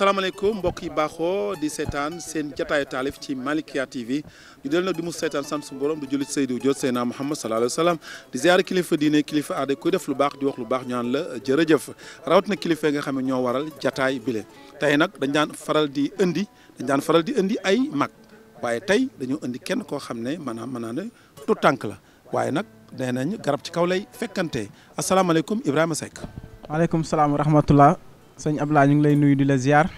salaamaaleykum mbokk yi baaxoo di seetaan seen jataayu taalif ci Malikia TV ñu del na di mu seetaan sant su borom du jullit Seydou Diop Seydina Muhammad sallallahu alayhi wa sallam di ziare kilifa diine kilifa aada kuy def lu baax di wax lu baax ñu la jërëjëf rawatina kilifa yi nga xam ne ñoo waral jataay bile tey nag dañ daan faral di indi daan faral di indi ay mag waaye tey dañoo indi kenn koo xam ne maanaam maanaam ne tout tànk la waaye nag nee nañ garab ci kaw lay fekkante asalaamaaleykum Ibrahima Seck. maaleykum salaam wa sëñ Abdoulaye ñu ngi lay nuyu di la ziar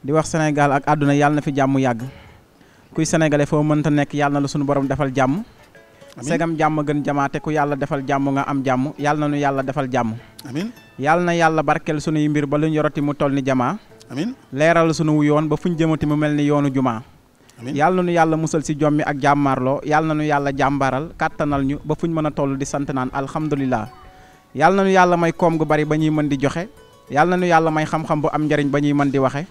di wax Sénégal ak àdduna yàlla na fi jàmm yàgg kuy sénégalais foo mën mënta nekk yàlla na la suñu borom defal jàmm. segam jàmm gën jamaate ku yàlla defal jàmm nga am jàmm yàlla na nu yàlla defal jàmm. amiin yàlla na yàlla barkeel sunuy mbir ba lu ñu yorati mu toll ni jamaa. amiin leeral sunu yoon ba fuñ jëmati mu mel ni yoonu jumaa. yàlla na nu yàlla musal si jommi ak jàmmaarloo yàlla na nu yàlla jàmbaaral kàttanal ñu ba fu ñu mën a toll di sant naan alhamdulilah. yàlla na yàlla may koom gu bari ba ñuy mën di joxe yàlla na nu yàlla may xam-xam bu am njariñ ba ñuy man di waxe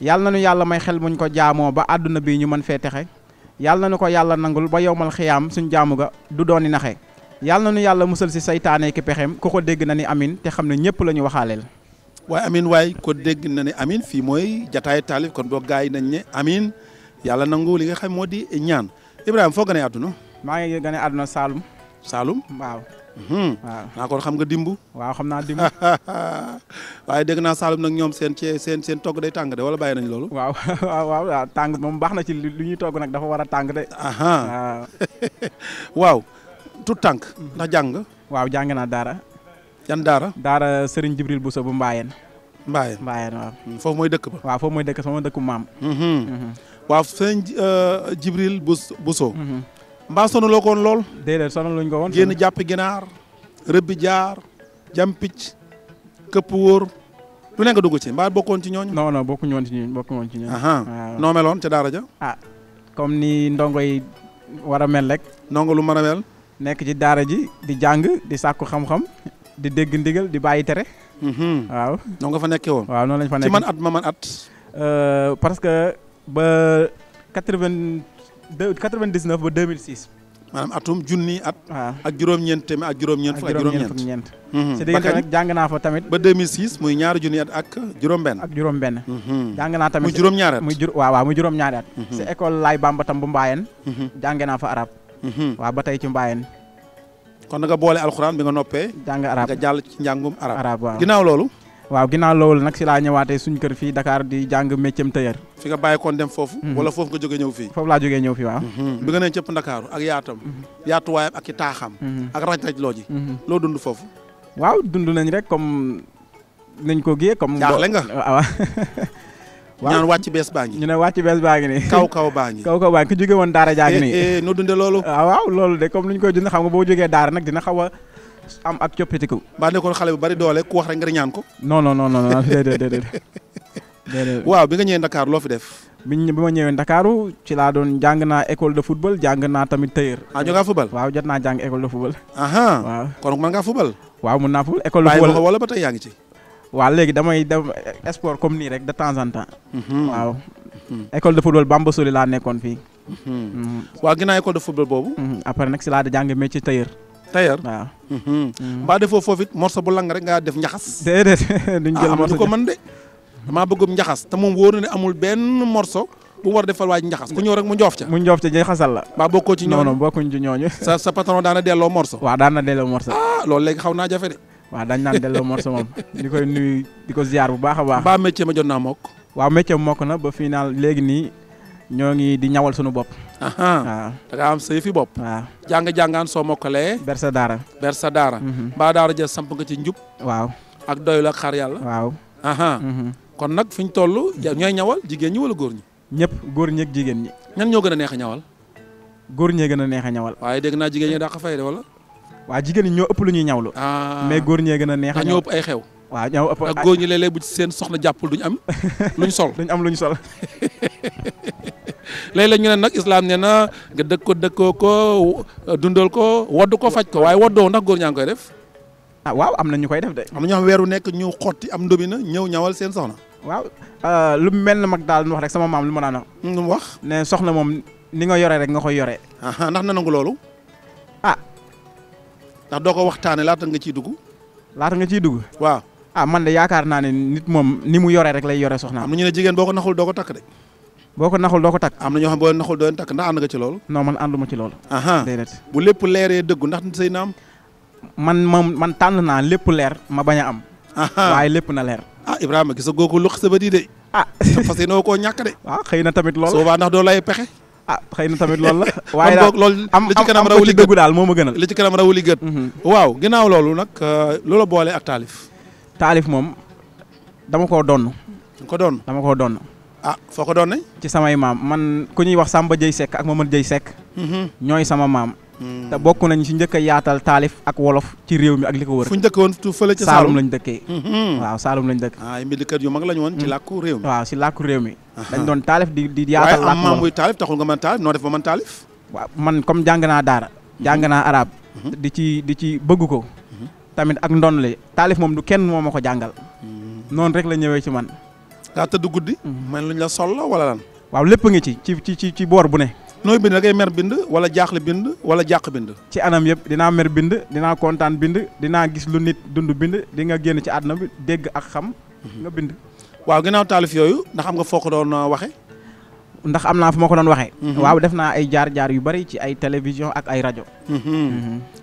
yàlla na nu yàlla may xel muñ ko jaamoo ba àdduna bi ñu mën fee texe yàlla na nu ko yàlla nangul ba yowmal xiyaam suñ jaamu ga du dooni naxe yàlla na nu yàlla musal si seytaanee ki pexem ku ko dégg na ni amin te xam ne ñëpp la ñu waxaaleel waaye amin waaye ko dégg na ne amin fii mooy jataayu taalif kon boo gars nañ ne amin yàlla nangu li nga xam moo di ñaan ibrahim foo gane àdduna maa àdduna Saalum Saalum waaw Hmm. waaw naa ah, kon xam nga dimb waaw xam naa dimbu waaye dégg naa Saalum nag ñoom seen cee seen seen togg day tàng de wala bàyyi nañ loolu waaw waaw waaw tàng moom baax na ci lu ñuy togg nag dafa war a tàng de waaw tout tànk ndax jàng waaw jàng naa daara yan daara daara Serigne Jibril Bousso bu Mbaayeen Mbaayeen Mbaayeen waaw hmm, foofu mooy dëkk ba waaw foofu mooy dëkk sama dëkku maam hmm, waaw Serigne euh, Jibril Bousso mbaa sonaloo ko woon lool. déedéet sonaluñ ko woon. génn jàpp ginaar rëbbi jaar jam picc këpp wóor lu nekk nga dugg ci mbaa bokkoon ci ñooñu. non non bokk woon ci ñooñu bokkuñu noo meloon ca daara ja. ah comme ni ndongo yi war a mel rek. ndongo lu mën a nekk ci daara ji di jàng di sàkku xam-xam di dégg ndigal di bàyyi tere. Mhm. waaw noonu nga fa nekkee woon. waaw noonu lañ fa nekkee ci man at ma man at. Euh, parce que ba quatre-vingt. 99 ba 2006. maanaam atum junni at. waaw ah. ak juróom-ñeent tamit ak juróom-ñeent ak juróom-ñeent ak juróom-ñeent. Mhm. si diggante fa tamit. ba 2006 muy junni at ak juróom ak juróom-benn. Mhm. jàng naa tamit muy juróom-ñaari at muy jur waaw waaw muy juróom-ñaari at. Mhm. école Bamba tam bu fa arab. waaw ba tey ci Mbaayeen. kon nga boole alxuraan bi nga arab nga jàll ci arab. arab waaw waaw ginnaaw loolu nag si laa ñëwaatee suñ kër fii Dakar di jàng métier tailleur fi nga bàyyi koon dem foofu mhm. wala foofu nga jóge ñëw fii foofu laa jógee ñëw fii waaw mhm. bi nga nee cëpp Ndakaaru ak yaatam mhm. yaatuwaayam ak i taaxam ak raj-raj loo ji loo dund foofu waaw dund nañ rek comme nañ ko gée comme jaaxle nga waaw waaw ñu naan wàcc bees baa ngi ñu ne wàcc bees baa ngi nii kaw kaw baa ngi kaw kaw baa ngi ku jóge woon daara jaa ngi nii eh, eh, nu dunde loolu waaw ah, waaw loolu de comme nuñ koy dund xam nga boo jógee daara nag dina xaw a am ak coppitiku. mbaa nekkoon xale bu bari doole ku wax rek nga ñaan ko. non non non non waaw bi nga ñëwee Dakar loo fi def. bi ñu bi ma ñëwee Ndakaaru ci laa doon jàng naa école de football jàng naa tamit tailleur. ah jot ngaa football. waaw jot naa jàng école de football. waaw kon mën ngaa ba tey yaa ngi ci. waaw léegi damay dem sport comme nii rek de temps en temps. Mhm. waaw mhm. école de football Bamba Soli laa koon fi mhm. waaw ginnaaw école de football boobu. après nag si jàng métier tailleur. tailleur waaw. Mhm. Mhm. mbaa defoo foofu it morso bu lang rek ngaa def njaxas. déedéet duñ jël ah, morso ko mën de. damaa bëggum njaxas te moom wóor na ne amul benn morso bu war defal waaj njaxas ku ñëw rek mu njoof ca. mu njoof ca njaxasal la. mbaa bokkoo ci ñooñu non non bokkuñ ci ñooñu. sa sa patron daana delloo morso. waaw daana delloo morso. ah loolu léegi xaw naa jafe de. waaw dañ naan delloo morso moom di koy nuyu di ko ziar bu baax a baax. mbaa métier ma jot naa mokk. waaw métier mokk na ba final léegi nii ñoo ngi di ñawal suñu bop aha da nga am seyfi bop jang jangan so mokale bersa dara bersa dara mhm. ba dara je samp nga ci njub. waaw ak doylu ak xar yàlla. waaw. Mhm. kon nak fiñ tollu ñoy ñawal jigéen ñi wala góor ñi. ñep góor ñi ak jigéen ñi. ñan ñoo gëna neex ñawal. góor ñi gëna neex ñawal. waaye deg na jigéen ñi dàq fay de wala. wa jigéen ñi ñoo ëpp lu ñuy ñawlu. Ah. mais góor ñi gëna neex ñoo ay xew. wa ñaw ëpp ak góor ñi léeg-léeg bu ci seen soxna jappul duñ am luñ sol duñ am luñ sol léeg-léeg ñu ne nag islam ne na nga dëkk ko dëkkoo ko dundal ko wodd ko faj ko waaye woddoo ndax góor ñaa ngi koy def. ah waaw am na ñu koy def de. am na ñoo xam weeru nekk ñu xotti am ndobina ñëw ñawal seen soxna. waaw euh, lu mel ne mag daal wax rek sama maam lu ma naan wax. ne soxna moom ni nga yore rek nga koy yore. ndax na nangu loolu. ah. ndax doo ko laata nga ciy dugg. laata nga ciy dugg. waaw ah man de yaakaar naa ne nit moom ni mu yore rek lay yore soxna am na ñu ne jigéen boo ko naxul doo ko takk de. boo ko naxul doo ko takk am na ñoo boo naxul doo leen takk ndax ànd nga ci loolu non man bu lépp leeree dëggu ndax sëy na man moom man tànn naa lépp leer ma bañ a am waaye lépp na leer ah Ibrahima gisa gooku lu sa bët yi de ah fas yéene woo koo ñàkk de waaw ah, xëy na tamit loolu soobaa ndax doo lay pexe ah, xëy na tamit loolu la waaye daal am li ci kanam rawuli daal moo ma gënal li ci kanam rawuli gët mhm. waaw ginnaaw loolu nag euh, loolo boole ak taalif taalif moom dama koo donn ko doon dama koo donn ah foo ko doon ne ci samay maam man ku ñuy wax Samba Jëy Seck ak Mamadou Jëy Seck mm-hmm. ñooy sama maam mm. te bokk nañ si njëkk yaatal taalif ak wolof ci réew mi ak li ko wër fu ñu dëkkoon tu fële ci Saalum lañ dëkkee mm-hmm. waaw Saalum lañ dëkk ah mbindkat yu mag lañ woon mm. ci làkku réew mi waaw si làkku réew mi dañ doon taalif di di yaatal làkku maam muy taalif taxul nga mën taalif noo def ba mën taalif man comme jàng naa daara mm-hmm. jàng naa arab di ci di ci bëgg ko tamit ak ndon li taalif moom du kenn moo ma jàngal noonu rek la ñëwee ci man daa tëdd guddi. Mhm. man luñ la sol la wala lan. waaw lépp ngi ci ci ci ci boor bu ne. nooy bind da ngay mer bind wala jaaxle bind wala jàq bind. ci anam yëpp dinaa mer bind dinaa kontaan bind dinaa gis lu nit dund bind di nga génn ci àdduna bi dégg ak xam. Mhm. nga bind. waaw ginnaaw taalif yooyu ndax am nga foo ko doon uh, waxe ndax am naa fu ma ko doon waxee. Mhm. waaw def naa ay jaar jaar yu bari ci ay télévision ak ay rajo.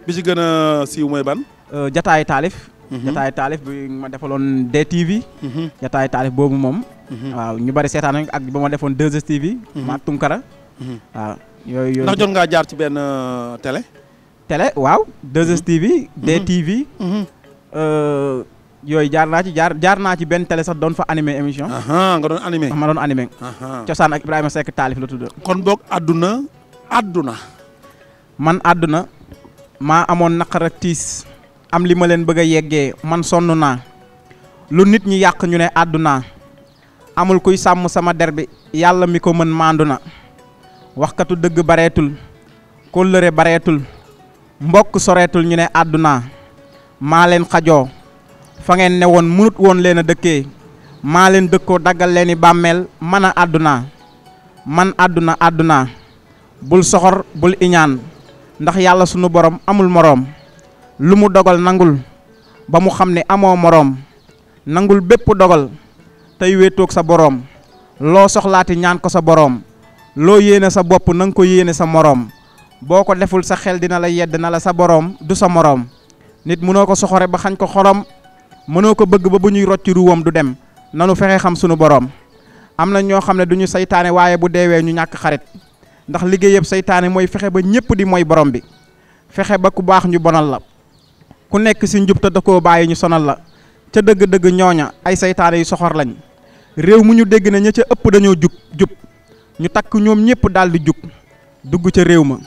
bi ci gën a siiw moy ban. Euh, jataayu taalif. Mm-hmm. jataayu taalif bi ma defaloon DTV. Mm-hmm. jataayu taalif boobu moom. Mm-hmm. waaw ñu bari seetaan ak ba ma defoon 2STV. maak Tunkara. waaw jot ngaa jaar ci benn euh, télé. télé waaw 2STV. DTV. Euh, yooyu jaar naa ci jaar jaar naa ci benn télé sax doon fa animé émission. nga doon animé ma doon animé. cosaan ak Ibrahima Seck taalif la tudd. kon boog àdduna àdduna. man àdduna maa amoon naqar tiis. am li ma leen bëgg yeggé man sonu na lu nit ñi yàq ñu ne aduna amul kuy sam sama derbi yalla mi ko mën maandu na waxkatu dëgg ko leuré barétul mbokk sorétul ñu ne aduna ma len xajoo fa ngeen ne won munut won leena a ma len leen dagal leni bammel mana man man aduna aduna bul soxor bul iñaan ndax yalla suñu borom amul morom lumu dogal nangul ba mu xamne amo morom nangul bepp dogal tay wetok sa borom lo soxlaati ñaan ko sa borom lo yene sa bop nang ko yene sa morom boko deful sa xel dina la yedd na la sa borom du sa morom nit mëno ko soxore ba xañ ko xorom mëno ko bëgg ba buñuy rocc ruwam du dem nanu fexé xam sunu borom. am ño xamne duñu saytaane waye bu déwé ñu ñak xarit ndax liggéey ba ñepp di moy borom bi fexé ba ku baax ñu bonal la ku nek ci njub ta dako koo ñu sonal la ca deug deug ñoña ay saytaane yu soxor lañ rew mu ñu deg na ña ca ëpp dañoo juk juk ñu tak ñom ñepp dal di juk dugg ca rew ma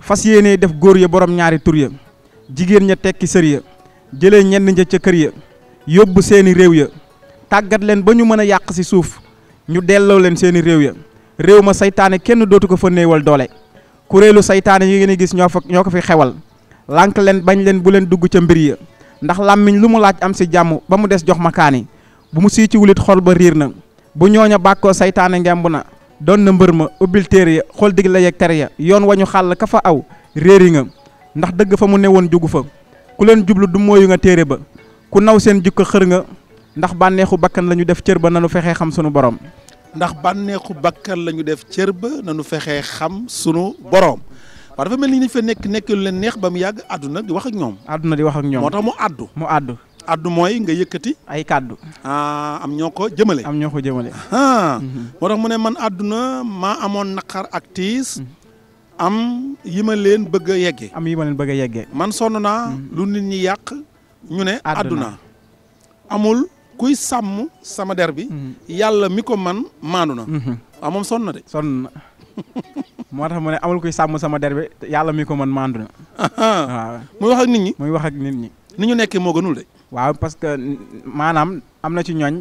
fas yene def góor ya borom ñaari tur ya jigeen ña tekki sër ya jele ñen ña ca kër ya yobbu seeni rew ya tagat len ba ñu mën a suuf ñu len seeni rew ya rew ma saytaane kenn dootu ko fa neewal doole reelu saytaane yi ngeen gis ñoo fa ñoo fi xewal lank len bañ len bu len dugg ci mbir ya ndax làmmiñ lu mu laaj am ci jamm ba mu dess jox makani bu mu ci wulit xol ba rir na bu ñoña bàkkoo saytane ngemb na doon na mbeur ma ubil terre ya xool dig la yeeg ya yoon wañu xal ka fa aw reri nga ndax deug fa mu newon jugu fa ku len jublu du moyu nga terre ba ku naw sen nga ndax banexu bakkan lañu def cër ba nanu fexé xam sunu borom ndax banexu bakkan lañu def cër ba nanu fexé xam sunu borom waaw dafa mel ni dañu fa nekk nekk lu leen neex ba mu yàgg àdduna di wax ak ñoom. àdduna di wax ak ñoom moo tax mu àddu. mu àddu mooy nga yëkkati. ay kàddu. Ah, am ñoo ko jëmale. am ñoo ko jëmale. Mm-hmm. moo tax mu ne man àdduna maa amoon naqar ak tiis. am yi ma leen bëgg a yeggee. am yi ma leen bëgg a yeggee. man sonn naa. Mm-hmm. lu nit ñi yàq ñu ne. àdduna amul kuy sàmm sama der bi. Mm-hmm. yàlla mi ko man maandu na. waaw ah, moom sonn de. sonn moo tax mu ne amul kuy sàmm sama der bi mi ko mën mandu na. waaw muy wax ak nit ñi. muy wax ak nit ñi. ni ñu nekkee moo gënul de. waaw parce que maanaam am na ci ñooñ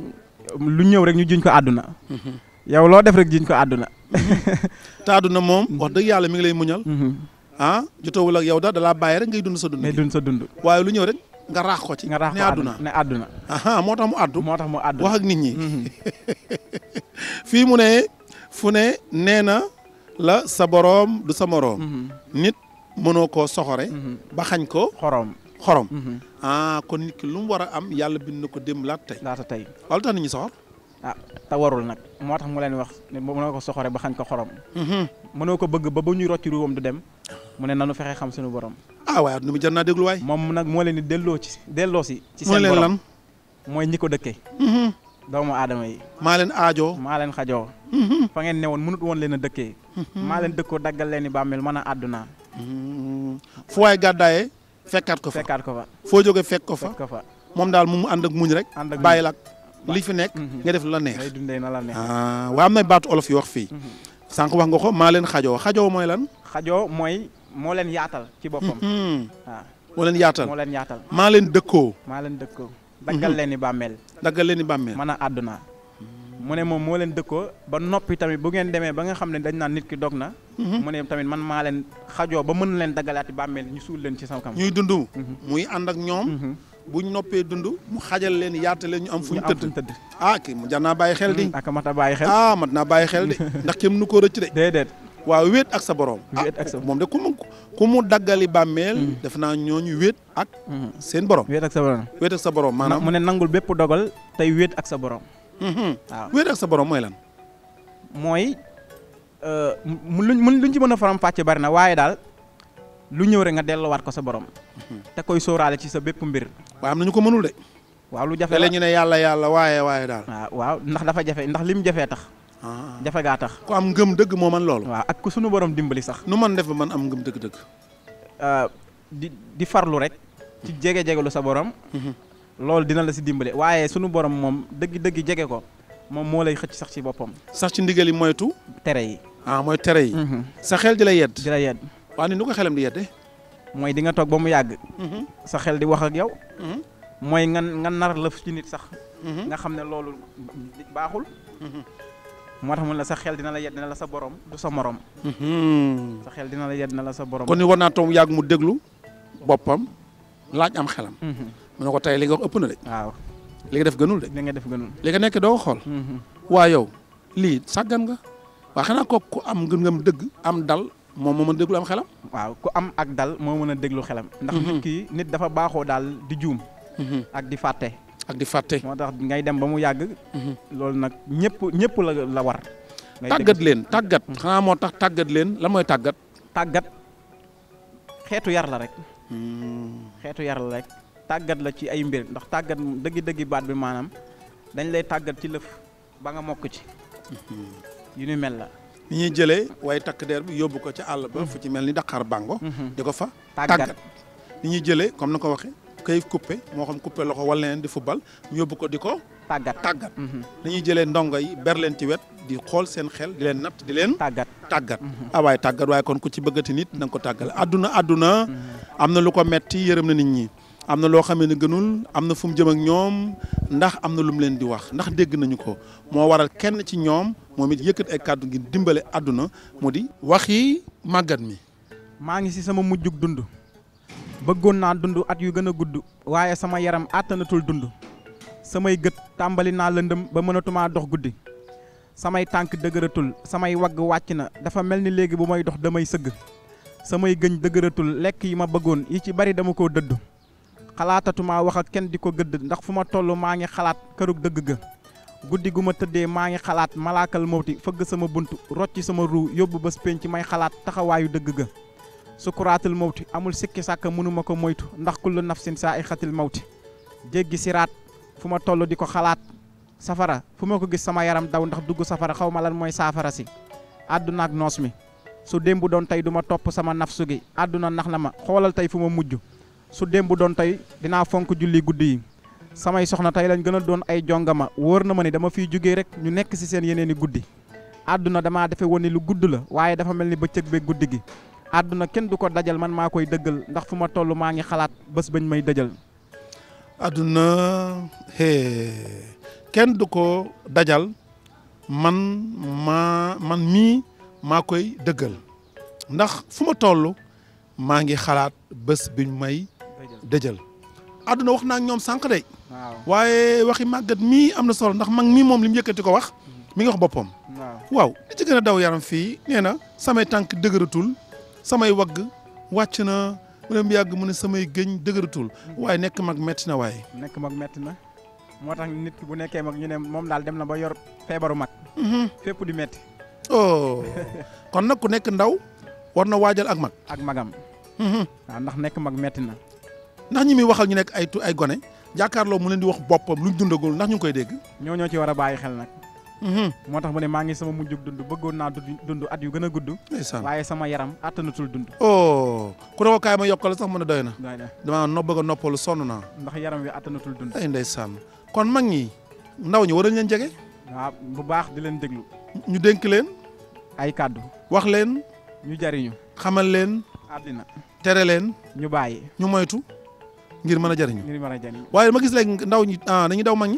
lu ñëw rek ñu jiñ ko àdduna. Mhm. yow loo def rek jiñ ko àdduna. Mhm. te àdduna moom mhm. wax dëgg yàlla mi ngi lay muñal. ah jotawul ak yow da dalaa bàyyi rek ngay dund sa dund. ngay dund sa dund. waaye lu ñëw rek. nga raax ko ci nga raax ko àdduna ne àdduna moo tax mu àddu moo mu àddu wax ak nit ñi fii mu ne fu ne nee la sa boroom du sa moroom mhm. nit mënoo koo soxore mhm. ba xañ ko xorom xorom mhm. ah kon nit ki lu mu war a am yàlla bind na ko démb laata tey laata tey wala tax nit ñi soxor ah te warul nag moo tax mu leen wax mënoo ko soxore ba xañ ko ko bëgg ba ba ñuy rocc ruwam du dem mu ne nanu fexe xam suñu borom ah waaye nu mu jar naa déglu waay moo leen di delloo ci delloo si ci seen borom lan mooy ñi ko dëkkee doomu aadama yi maa leen aajoo maa leen xajoo fa ngeen ne woon mënut woon leen a Mm-hmm. maa leen dëkkoo daggal leen i bàmmeel man a àdduna mm-hmm. fu waay gàddaaye fekkaat ko fa fekkaat ko fa foo jóge fekk ko fa moom daal mu ànd ak muñ rek bàyyi lak li fi nekk mm-hmm. nga def la neex ah waa am na baatu olof yu wax fii sànq wax nga ko maa leen xajoo xajo mooy lan xajoo mooy moo leen yaatal ci boppam waaw ah. moo leen yaatal moo maa leen dëkkoo maa leen dëkkoo daggal leen i bàmmeel daggal leeni i bàmmeel man a àdduna mu ne moom moo leen dëkkoo ba noppi tamit bu ngeen demee ba nga xam ne dañ naan nit ki dog na. Mhm. mu ne tamit man maa leen xajoo ba mën leen daggalaati bàmmeel ñu suul leen ci sama kam. ñuy dund. Mhm. muy ànd ak ñoom. Mhm. buñ noppee dund mu xajal leen yaata leen ñu am fuñ tëdd ah ki mu jar naa bàyyi xel di ak mat a bàyyi xel ah mat naa bàyyi xel de ndax kenn nu ko rëcc de déedéet waaw wéet sa borom wéet ak sa ah, moom de ku mu daggali bàmmeel def naa ñooñu wéet ak seen borom wéet ak sa borom sa borom maanaam mu ne nangul bépp dogal tey ak sa borom waaw wéet ak sa borom mooy lan. mooy euh, luñ luñ ci mën a faram fàcce bari na waaye daal lu ñëw rek nga delloowaat ko sa borom. Mhm. te koy sóoraale ci sa bépp mbir. waaw am na ñu ko mënul de. waaw lu jafe la ñu ne yàlla jafe ndax ah. jafe gaa tax. ku am ngëm man loolu. waaw ak ku sunu borom dimbali man def ba man am ngëm dëgg dëgg. Euh, di di farlu rek. ci jege jegelu sa mhm. Lol dina la ci dimbalé wayé sunu borom mom. deug deug djégé ko Mom mo lay xëc sax ci boppam. sax ci ndigal yi moytu. téré yi ah moy téré yi. Mhm. sa xel dila yedd. dila yedd wa ni nuko xelam di yedd moy di nga tok bamu yag mhm. sa xel di wax ak yow. moy mhm. nga nga nar leuf ci nit sax. nga xamné lolou baxul motax mo la sa xel dina la yedd na la sa borom du sa morom. sa xel dina la yedd na la sa borom. kon ni war tom yag mu deglu bopam laaj am xelam. mu ne ko tey li nga wax ëpp na waaw li nga def gënul de. li nga def gënul li nga nekk doo xool. Mm-hmm. waa yow lii sàggan nga. waa xanaa kook ku am ngëm dëgg. am dal moom moo a déglu am xelam. waaw ku am ak dal moo mën a déglu xelam. ndax mm-hmm. nit ki nit dafa baaxoo daal di juum. Mm-hmm. ak di fàtte. ak di fàtte. moo tax ngay dem ba mu yàgg. loolu nag ñëpp ñëpp la la war. tàggat leen tàggat. xanaa moo tax tàggat leen lan mooy tàggat. tàggat xeetu yar la rek. Mm. xeetu yar la rek. tàggat la ci ay mbir ndax tàggat dëggi-dëggi baat bi maanaam dañ lay tàggat ci lëf ba nga mokk ci mhm. yu mel la ni jele, jëlee waaye takk der bi yóbbu ko ca àll ba fu ci mel ni Dakar bango mhm. di ko fa tàggat ni ñuy jëlee comme na ko waxee coupé moo xam coupé loxo wala di football ñu ko di ko tàggat jele dañuy mhm. jëlee ndongo ber leen ci wet di Kol sen xel di leen di Len. tàggat tàggat away ah, waaye tàggat kon ku ci bëggati nit na ko tàggal àdduna àdduna am lu ko metti na nit ñi am na loo xame ne gënul am na fu mu jëm ak ñoom ndax am na lu mu leen di wax ndax dégg nañu ko moo waral kenn ci ñoom moom it yëkkat ay kàddu ngir dimbale àdduna mu di wax yi màggat mi maa ngi si sama mujjug dund bëggoon naa dund at yu gën a gudd waaye sama yaram àttanatul dund samay gët tàmbali naa lëndëm ba mënatumaa dox guddi samay tànk dëgëratul samay wagg wàcc na dafa mel ni léegi bu may dox damay sëgg samay gëñ dëgëratul lekk yi ma bëggoon yi ci bari dama koo dëdd xalaatatuma wax ak kenn di ko gëdd ndax fu ma toll maa ngi xalaat kërug dëgg ga guddi gu ma tëddee maa ngi xalaat malaakal mawti fëgg sama bunt rocci sama ruu yóbbu bés penci may xalaat taxawaayu dëgg ga sukuraatul mawti amul sikki sàkk mënuma ko moytu ndax kullu nafsin saa i mawti jéggi siraat fu ma toll di ko xalaat safara fu ma ko gis sama yaram daw ndax dugg safara xaw ma lan mooy saafara si àdduna ak noos mi su démb doon tey duma topp sama nafsu gi àdduna nax na ma xoolal tey su démb doon tey dinaa fonk julli guddi yi samay soxna tey lañ gën a doon ay jongama wóor na ma ne dama fiy jógee rek ñu nekk ci seen yeneen i guddi àdduna dama defe woon ni lu gudd la waaye dafa mel ni bëccëg be guddi gi àdduna kenn du ko dajal man maa koy dëggal ndax fu ma toll maa ngi xalaat bés bañ may dajal. àdduna kenn du ko dajal man maa man mii maa koy dëggal ndax fu ma toll maa ngi xalaat bés biñ may dëjël àdduna wax naa ñoom sànq de. waaye waxi màggat mii am na solo ndax mag mii moom li mu yëkkati ko wax. Mm-hmm. mi ngi wax boppam. waaw li ci gën daw yaram fii nee na samay tànk dëgëratul samay wagg wàcc na wala mu yàgg mu ne samay gëñ dëgëratul mm-hmm. waaye nekk mag metti na waaye. nekk mag metti na moo tax nit ki bu nekkee mag ñu moom daal dem na ba yor feebaru mag. Mm-hmm. fépp di metti oh. kon nag ku nekk ndaw war na waajal ak mag. ak magam. ndax nekk mag metti na. ndax ñi muy waxal ñu nekk ay tu ay gone jàkkaarloo mu leen di wax boppam luñ dundagul ndax ñu ngi koy dégg. ñoo ñoo ci war a bàyyi xel nag. Mm-hmm. moo tax mu ne maa ngi sama mujjug dund bëggoon naa dund at yu gën a gudd. waaye sama yaram attanatul dund. oh ku ne ko kaay ma yokkal sax mën a doy na. doy na damaa no bëgg noppalu sonn naa. ndax yaram wi attanatul dund. ay ndeysaan kon mag ñi ndaw ñi waral leen jege. waaw bu baax di leen déglu. ñu dénk leen. ay kàddu. wax leen. ñu jariñu. xamal leen. àddina tere leen. ñu bàyyi ñu moytu. ngir mën a jariñu ngir mën a jariñu waaye ma gis léegi ndaw ñi ah dañuy daw mag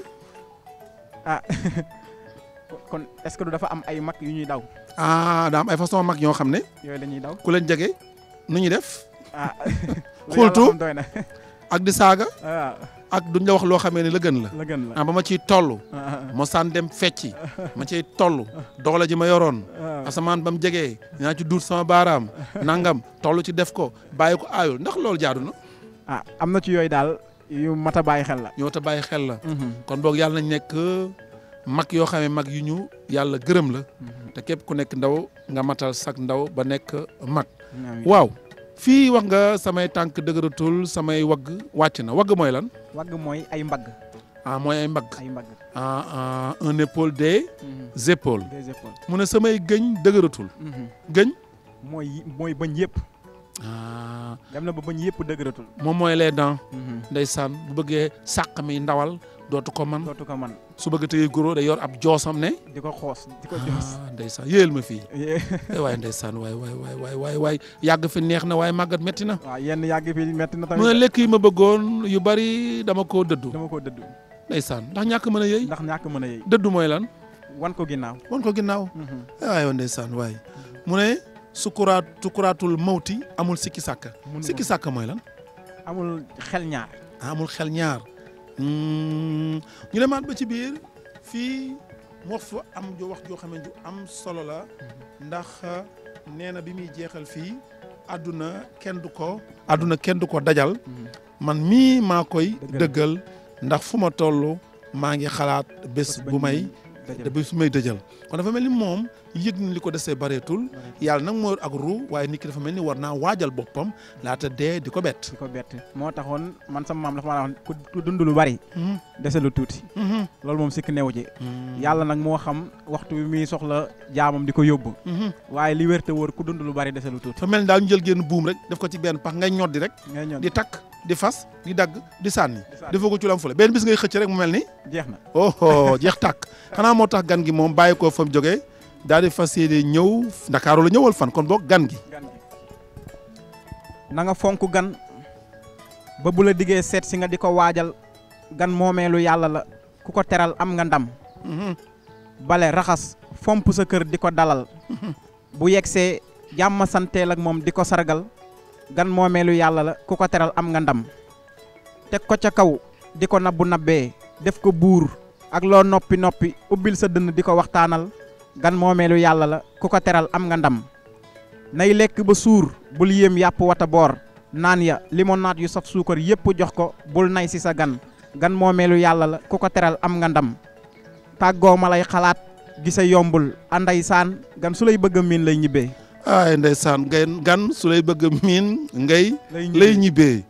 ah, kon est-ce que dafa am ay mag yu ñuy daw. ah am ay façon mag ñoo xam ne. yooyu la daw ku leen jege nu ñuy def. ah xultu ak di saaga. Ah. ak duñ la wax loo xamee ne la gën la. la gën ah, ba ma ciy tollu ma saan dem fecci ma ciy toll. doole ji ma yoroon. asamaan ba mu jegee. naa ci duut sama baaraam. nangam toll ci def ko bàyyi ko ayoo ndax loolu jaadu na. Ah, am na ci yooyu daal yu mat a bàyyi xel la. yoo ta bàyyi xel la. Mhm. kon boog yàlla nañ nekk mag yoo xam ne mag yu ñu yàlla gërëm la. Mhm. te képp ku nekk ndaw nga matal sak ndaw ba nekk mag. waaw fii wax nga samay tànk dëgëratul samay wag wàcc na wagg mooy lan. wagg mooy ay mbagg. ah mooy ay mbagg ay mbagg ah, ah un épaule des mhm. épaules. des épaules ne samay gëñ dëgëratul. gëñ. mooy mooy bañ yëpp. Ah. dem na ba bañ yëpp dëgëratul. moom mooy les dents. Mhm. ndeysaan bu bëggee sàq mi ndawal dootu ko man dootu ko man su bëgg tëye goro da yor ab joosam ne. di ko xoos di ko ah, joos. ndeysaan yéel ma fii. Eh waaye ndeysaan waay waay waay waay waay yàgg fi neex na waaye màggat metti na. yenn yàgg fi metti na tamit. mu ne lekk yi ma bëggoon yu bari dama koo dëddu. dama koo dëddu. ndeysaan ndax ñàkk mën a yëy. ndax ñàkk mën a yëy. dëddu mooy lan. wan ko ginnaaw wan ko ginnaaw. waaye mhm. eh waay mhm. mu ne sukuraat sukuraatul mawti amul sikki sàkk siki sàkk mooy lan amul xel ñaar ah, amul xel ñaar hmm. ñu ba ci biir fii mu wax fa am jo wax joo xam ju am solo la mhm. ndax nee na bi muy jeexal fii àdduna kenn du ko àdduna kenn du ko dajal mhm. man mii maa koy dëggal ndax fu ma toll maa ngi xalaat bés bu may bés may dëjal kon dafa mel ni moom yëg na li ko desee bareetul yàlla nag moo ak ru waaye nit ki dafa mel ni war naa waajal boppam laata dee di ko bett di ko bett moo taxoon man sama maam dafa maa wax mhm. mhm. mhm. ku dund lu bari dese lu tuuti loolu moom sikk newu ji yàlla nag moo xam waxtu bi muy soxla jaamam di ko yóbbu waaye li wér te ku dund lu bari dese lu tuuti fa mel ni ñu jël génn buum rek def ko ci benn pax ngay ñoddi rek di takk di fas di dagg di sànni defoo ko ci lu am bis ngay xëcc rek mu mel ni jeex oh, oh jeex tàkk xanaa moo tax gan gi moom bàyyi ko fa dari di fas yéene ñëw ndakaaru la ñëwal fan kon bok gan gi. na nga fonku gan ba bu la digge set si nga diko wadjal gan momelu yalla la kuko teral am nga ndam. Mhm. bale raxas fompu sa kër diko dalal. Mhm. bu yexé jam santé lak mom diko saragal, sargal gan momelu yalla la kuko teral am nga ndam tek ko ca kaw diko nabbu nabbee def ko buur ak lo nopi nopi ubil sa diko waxtanal gan moomeelu yalla la kuko teral am nga ndam nay lek ba sour bul yéem yap wata bor nan ya limonade yu jox ko bul nay ci sa gan gan melu yalla la kuko teral am nga ndam tàggoo malay khalat yombul anday san gan sulay beug min a ñibé ah anday san gan gan su lay bëgg ngay lay ñibé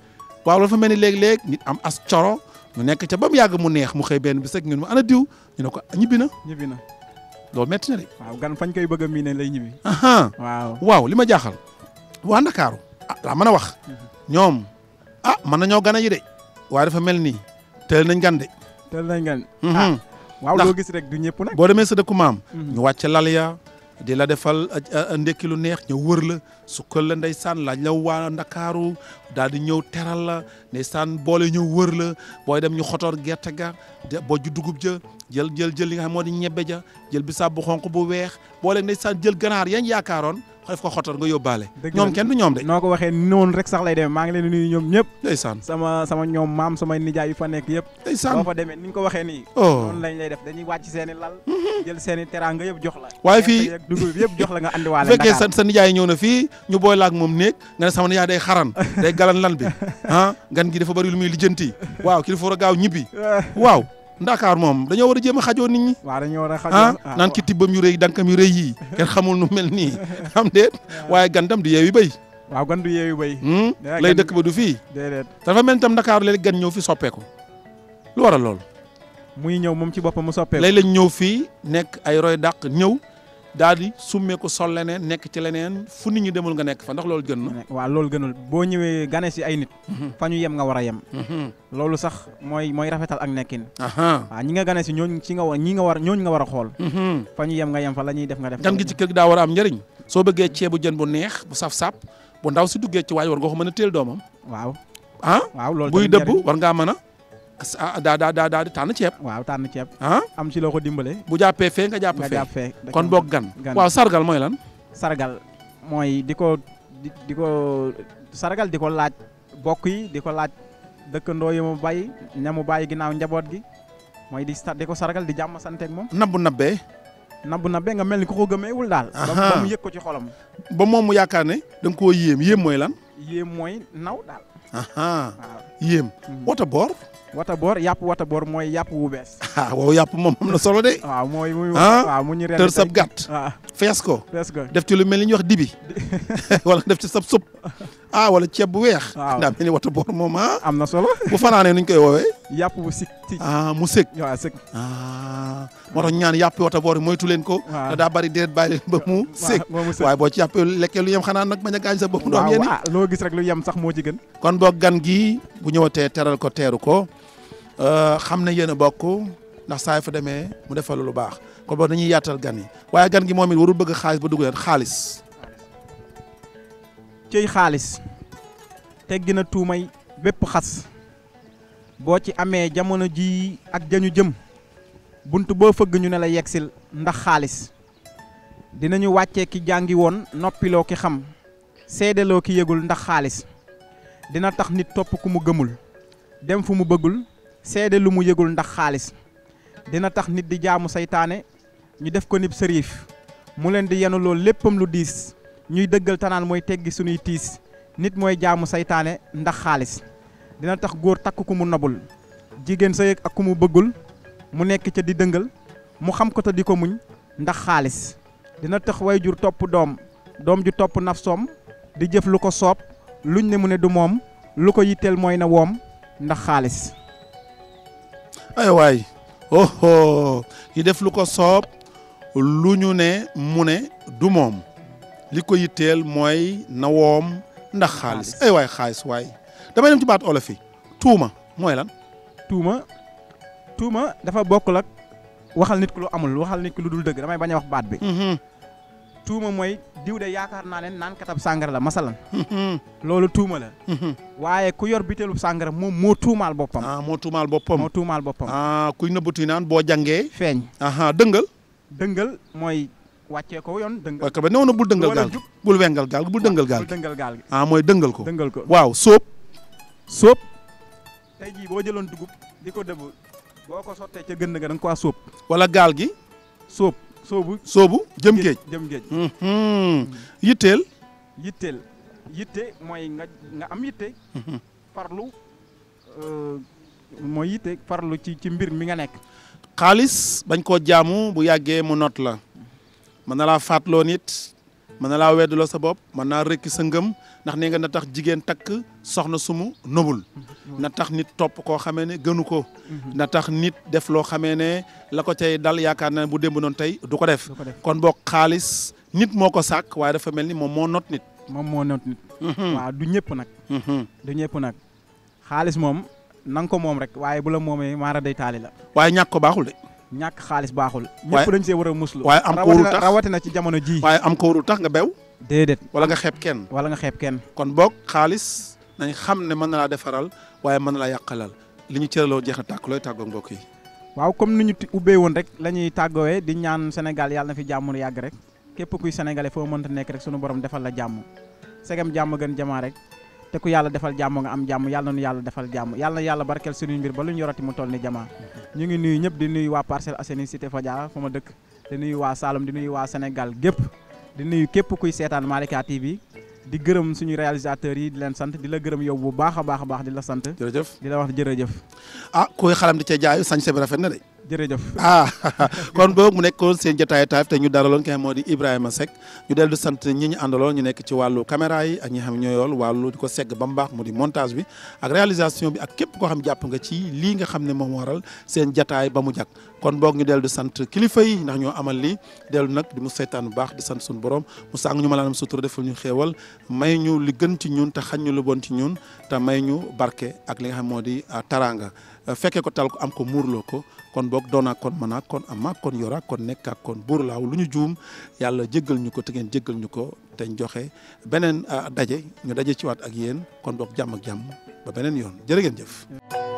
waaw la fa ni leg leg nit am as choro mu nek ca bam yag mu neex mu xey ben bis ñun mu ana diw ñu ko ñibina ñibina loolu métti na de. gan fañ koy bëgg a miine lay ñibbi. waaw waaw li ma jaaxal. waa Ndakaaru ah laa mën a wax. Mhm. ñoom ah mën nañoo gan a de. waaye dafa mel ni teel nañ gan de. teel nañ gan. Mhm. Ah, waaw loo gis rek du ñëpp nag. boo demee sa dëkku maam. Mhm. ñu wàcc lal ya di la defal ndekki lu neex ñëw wër la sukkal la ndeysaan laaj la waa ndakaaru daal di ñëw teral la ndeysaan boole ñëw wër la booy dem ñu xotoor gerte ga bojj dugub ja jël jël jël li nga xam moo di ñebbe ja jël bisaab bu xonq bu weex boole ndeysaan jël ganaar yañ yaakaaroon xëy ko xottal nga yóbbaale. ñoom kenn du ñoom de. noo ko waxee noonu rek sax lay demee maa ngi leen di nuyu ñoom ñëpp. ndeysaan sama sama ñoom maam samay nijaay yu fa nekk yëpp. ndeysaan boo demee ni ñu ko waxee nii. Oh. lañ lay def dañuy wàcc seen lal. Mm-hmm. jël seen i teraanga yëpp jox la. waaye fii yëpp jox la nga andiwaale. fekkee sa sa nijaay ñëw na fii ñu booy laak moom néeg nga ne sama nijaay day xaran day galan lan bi ah gan gi defa bari lu muy lijjanti waaw kii dafa war a gaaw ñibbi waaw Ndakaar moom dañoo war a jéem a xajoo nit waa waaw dañoo war a xajoo ah, ah naan ki tibbam yu rëy dankam yu rëy yi kenn xamul nu mel nii am déet waaye gandam di yeewi bay waaw gan du yeewi béy. Hmm? lay dëkk ba du fii. déedéet dafa mel ni tam Ndakaar léegi gan ñëw fi soppeeku lu war a lool. muy ñëw moom ci boppam mu soppeeku. lay lañ ñëw fii nekk ay roy dàq ñëw daal di summeeku sol leneen nekk ci leneen fu nit ñi demul nga nekk fa ndax lool gën na. waaw loolu gënul boo ñëwee gane si ay nit. Mhm. fa ñu yem nga war a yem. Mhm. loolu sax mooy mooy rafetal ak nekkin. waaw ñi nga gane si ñooñu ci nga war ñi nga war ñooñu nga war a xool. Mhm. fa ñu yem nga yem fa la ñuy def nga def. gan gi ci kër gi daa war a am njëriñ. soo bëggee ceebu jën bu neex bu saf-sap bu ndaw si duggee ci waaj war nga ko mën a teel doomam. waaw ah. waaw loolu buy dëbb war ngaa mën a Ah, daa daa tànn ceeb. waaw tànn ceeb. ah am ci loo ko dimbale. bu jàppee fee nga jàpp fee kon boog gan. waaw sargal mooy lan. sargal mooy di ko di ko sargal di ko laaj yi di ko laaj dëkkandoo yi mu bàyyi ña mu bàyyi ginnaaw njaboot gi mooy di di ko sargal di jàmm santeeg moom. nabbu nabbee. nabbu nabbee nga mel ni ku ko gëmeewul daal. ba mu yëg ko ci xolam. ba moom mu yaakaar ne da nga koo yéem mooy lan. yéem mooy naw daal. waaw yéem. Mm-hmm. boor. wataboor yàpp wataboor mooy yàpp wu bees. ah waaw yàpp moom am na solo de. waaw mooy muy ah, waaw mu ñu ren tër sab ah. fees ko. def ci lu mel ni ñuy wax dibi wala def ci sab sup ah wala ceeb bu weex. waaw daa mel ni wataboor moom ah. am na solo bu fanaanee nuñ koy woowee. yàpp bu sik ci ah, mu sek waaw sëg ah moo tax ñaan yàpp wataboor moytu leen ko. waaw daa bari déet bàyyi leen ba mu. sëg waaye boo ci yàppee lekkee lu yem xanaa nag bañ a gaañ sa bopp. ndoom yéen loo gis rek lu yem sax moo ci kon boog gan gi bu ñëwatee teral ko teeru ko Euh, xam na yéen a bokk ndax saa fu demee mu defal lu baax kon boog dañuy yaatal gan yi waaye gan gi moom it warul bëgg xaalis ba dugg leen xaalis. cëy xaalis teggi na tuumay bépp xas boo ci amee jamono ji ak jañu jëm bunt boo fëgg ñu ne la yegsil ndax xaalis dinañu wàccee ki jàngi woon noppiloo ki xam seedeloo ki yégul ndax xaalis dina tax nit topp ku mu gëmul dem fu mu bëggul. seede lu mu yëgul ndax xaalis dina tax nit di jaamu saytaane ñu def ko nib sëriif mu leen di yenu lool léppam lu diis ñuy dëggal tanaan mooy teggi suñuy tiis nit mooy jaamu saytaane ndax xaalis dina tax góor takk ku mu nobul jigéen sa yëg ak ku mu bëggul mu nekk ca di dëngal mu xam ko te di ko muñ ndax xaalis dina tax wayjur topp doom doom ju topp nafsoom di jëf lu ko soob luñ ne mu ne du moom lu ko yitteel mooy na woom ndax xaalis ay waay oh, oh. def lu ko soob lu ñu ne mu ne du moom li ko yitteel mooy nawoom ndax xaalis ay waay xaalis waay damay dem ci baat olof yi tuuma mooy lan tuuma tuuma dafa bokk ak waxal nit ki lu amul waxal nit ki lu dul dëgg damay bañ wax baat bi mm-hmm. tuuma mooy diw de yaakaar naa ne naan katab sàngara la masalan. Hmm. loolu tuuma la. Hmm. waaye ku yor biteelu sàngara moom moo tuumaal boppam. Ah, moo tuumaal boppam moo tuumaal boppam. ah kuy nëbbatu naan boo jàngee. feeñ dëngal. dëngal mooy wàccee ko yoon dëngal. waaw néew na bul dëngal gaal bul wengal gaal bul dëngal gaal. bul dëngal gaal ah mooy dëngal ko. dëngal ko waaw sóob. sóob. tey jii boo jëloon dugub di ko dëbb boo ko sottee ca gën ga da nga ko sóob. wala gaal gi sóob. soobu soobu jëm géej jëm géej mm-hmm. Mm-hmm. yitteel yitteel yitte mooy nga nga am yitte mm-hmm. farlu euh, mooy yitte farlu ci ci mbir mi nga nekk xaalis bañ ko jaamu bu yàggee mu not la mën na laa faatloo nit man la laa lo sa bop man na rek sa ngëm ndax ne nga na tax jigen tak soxna sumu nobul mhm. na tax nit top ko xamee ne gënu ko mhm. na tax nit def lo xamee ne la ko tay dal yaakaar na bu non tay du ko def kon bok khalis nit moko sak way dafa melni mom mo not nit momonot mo not nit mhm. wa du ñepp nak du ñepp nak khalis mom nang ko mom rek waye bu la momé mara day tali la waye ñak ko baxul de ñàkk xaalis baaxul. waaye ñëpp see war a muslu. waaye am kóoru tax rawatina ci jamono jii. waaye am kóoru tax nga bew. déedéet wala nga xeeb kenn. wala nga xeeb kenn. kon boog xaalis nañ xam ne mën na laa defaral waaye mën na laa yàqalal li ñu cëraloo jeex na tàkk looy tàggoo mbokk yi. waaw comme ni ñu ubbee woon rek la ñuy tàggoowee di ñaan Sénégal yàlla na fi jàmm yàgg rek képp kuy sénégalais foo mënta nekk rek sunu borom defal la jàmm segam jàmm gën jamaa rek te ku yàlla defal jàmm nga am jàmm yàlla nu yàlla defal jàmm yàlla na yàlla barkeel suñuy mbir ba lu ñu yorati mu toll ni jamaa ñu ngi nuyu ñëpp di nuyu waa Parcelles Assainies Cité Fadia fa ma dëkk di nuyu waa Saloum di nuyu waa Sénégal gépp di nuyu képp kuy seetaan Malikia TV di gërëm suñu réalisateurs yi di leen sant di la gërëm yow bu baax a baax baax di la sant. jërëjëf di la wax jërëjëf. a ah, kuy xalam di cee jaayu sañ bi rafet na de. jërëjëf ah kon boog mu nekkoon seen jataay taaf te ñu daraloon kenn moo di Ibrahima Seck ñu dellu sant ñi ñu àndaloon ñu nekk ci wàllu caméra yi ak ñu xam ñoo yool ko segg ba mu baax mu di montage bi ak réalisation bi ak képp koo xam jàpp nga ci lii nga xam ne moom waral seen jataay ba mu jag kon boog ñu dellu di sant kilifa yi ndax ñoo amal li dellu nag di mu seetaan bu baax di sant suñu borom mu sàng ñu malaanam sutura defal ñu xéewal may ñu li gën ci ñun te xañ ñu lu bon ci ñun te may ñu barke ak li nga xam moo di ah, taranga Euh, fekkee ko tal ko am ko muurloo ko kon boog doonaa kon manaa kon amaa kon yoraa kon nekkaa kon buur laaw lu ñu juum yàlla jéggal ñu ko te ngeen jéggal ñu ko teñ joxe beneen euh, daje ñu daje ci waat ak yéen kon boog jàmm ak jàmm ba beneen yoon jërë ngeen